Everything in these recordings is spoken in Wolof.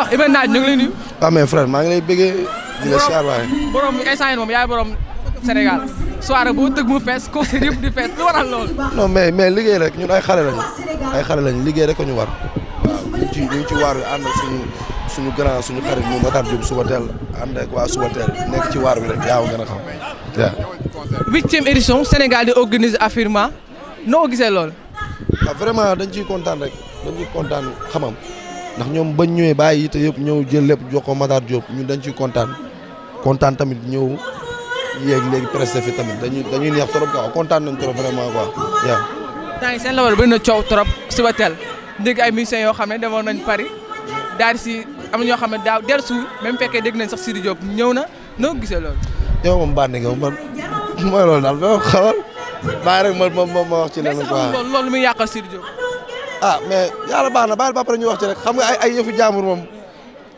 wax Iba Naaj ñu ngi lay nuyu. Ah, maa ngi lay bëggee. di la siyaar waaye borom instant yi moom yaay borom Sénégal soirée boo tëgg mu fees concert yëpp di fees lu waral loolu. non mais mais liggéey rek ñun ay xale lañu ay xale lañu liggéey rek ko ñu war waaw ñu ci ñu ngi ci bi ànd suñu suñu grand suñu xarit mu Matar Diop suba teel ànd ak waa suba nekk ci waar bi rek yaa gën a xam waaw. huitième édition Sénégal di organiser affirma noo gisee loolu. waaw ah, vraiment dañ ci kontaan rek dañ ciy kontaan xamam. ndax ñoom bañ ñëwee bàyyi yite yëpp ñëw jël lépp jox ko Matar jóob ñu dañ ciy kontaan kontaan tamit ñëw yéeg léegi presse fi tamit dañuy dañuy neex trop quoi kontaan nañ trop vraiment quoi yaa temps yi seen labal bëri na coow trop suba teel dégg ay yoo xam ne demoon nañ Paris daal si am ñoo xam ne daaw dellu ma mu fekkee dégg nañ sax Sidi Diop ñëw na noo gisee loolu. yow moom bànn nga man mooy loolu daal ba xamal bàyyi rek ci leneen quoi. loolu muy yàqal Sidi ah mais yàlla baax na baal ba pare ñu wax ci rek xam nga ay ay yëfu jàmbur moom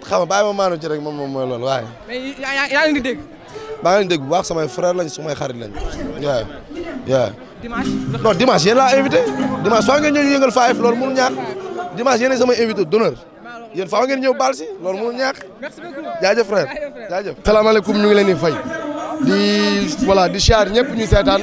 xam nga bàyyi ma maanu ci rek moom moom mooy loolu waaye. mais yaa ngi dégg. baa ngi dégg bu baax samay frère lañ sumay xarit lañ waaw waaw. dimanche non dimanche yéen laa invité dimanche faa ngeen ñëw ñu yëngal faayef loolu mënu ñàkk dimanche yéen sama invité d'honneur yéen faa ngeen ñëw baal loolu mënu ñàkk jaajëf frère jaajëf. salaamaaleykum ñu ngi leen di fay di voilà di siyaar ñëpp ñu seetaan.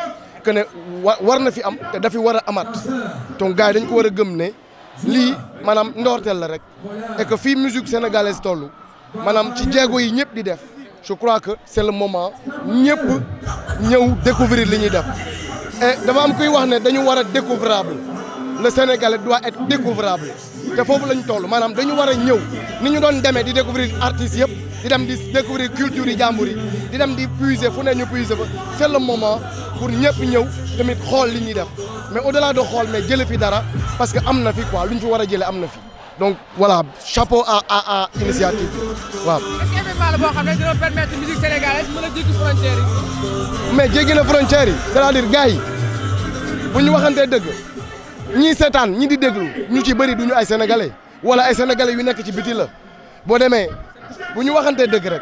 que ne war na fi am te dafi war a amaat donc gars dañ ko war a gëm ne lii maanaam ndortel la rek et que fii musique sénégalaise toll maanaam ci jéego yi ñëpp di def je crois que c'est le moment ñëpp ñëw découvrir li ñuy def et dama am kuy wax ne dañu war a découvrable le sénégalais doit être découvrable te foofu lañ toll maanaam dañu war a ñëw ni ñu doon demee di découvrir artiste yëpp di dem di découvrir culture yi jàmbur yi di dem di puiser fu ne ñu puiser fa c'est le moment pour ñëpp ñëw tamit xol li ñi def mais au delà de xol mais jël fi dara parce que amna fi quoi luñ fi wara jël amna fi donc voilà chapeau à à à initiative bi waaw. est-ce que événement la boo dina permettre musique sénégalaise mëna a frontière yi. mais jéggi na frontière yi c'est-à-dire gaay yi waxanté dëgg ñi sétane ñi di déglu ñu ci bari duñu ay sénégalais wala ay sénégalais yu nekk ci biti la bo démé bu waxanté dëgg rek.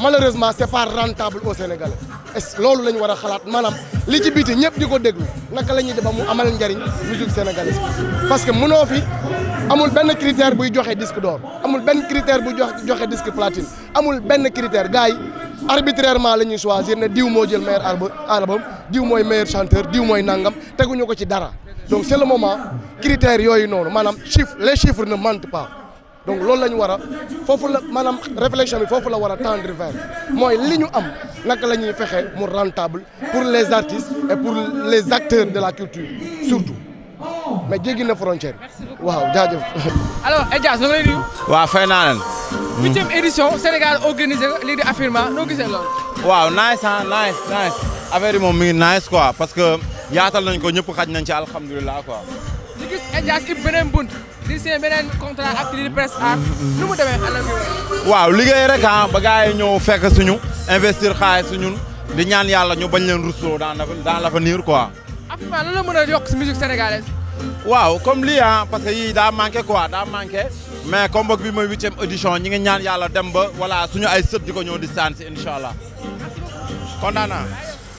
malheureusement c'est pas rentable au Sénégalais est loolu la ñu war a xalaat maanaam li ci biti ñëpp di ko déglu naka la ñuy def ba mu amal njariñ musique sénégalaise parce que mënoo fi amul benn critère buy joxe disque d'or amul benn critère buy joxe joxe disque platine amul benn critère gars yi arbitrairement la ñuy choisir ne diw moo jël meilleur album diw mooy meilleur chanteur diw mooy nangam teguñu ko ci dara donc c'est le moment critères yooyu noonu maanaam chiffre les chiffres ne mentent pas. donc loolu la wara fofu la manam réflexion bi foofu la wara tendre vers moy liñu am nak la fexé mu rentable pour les artistes et pour les acteurs de la culture surtout mais jéggi na frontière waaw jaajëf. alors Edias nga lay nuyu. waaw fay naa leen. huitième édition Sénégal organisé lii di Affirma noo gisee loolu. waaw nice hein, nice nice affaire yi mi ngi nice quoi parce que yaatal nañ ko ñëpp xaj nañ ci alhamdoulillah quoi. ñu gis Edias ci benen bunt. di seen beneen contrat ak li presse art nu mu demee anam waaw liggéey rek ah ba gars yi ñëw fekk suñu investir xaalis suñu di ñaan yàlla ñu bañ leen rusloo dans dans l'avenir quoi. actuellement lan la mën a yokk si musique sénégalaise. waaw comme lii ah parce que yii daa manqué quoi daa manqué. mais comme boog bi mooy huitième édition ñi ngi ñaan yàlla dem ba voilà suñu ay sët di ko ñëw di saan si incha allah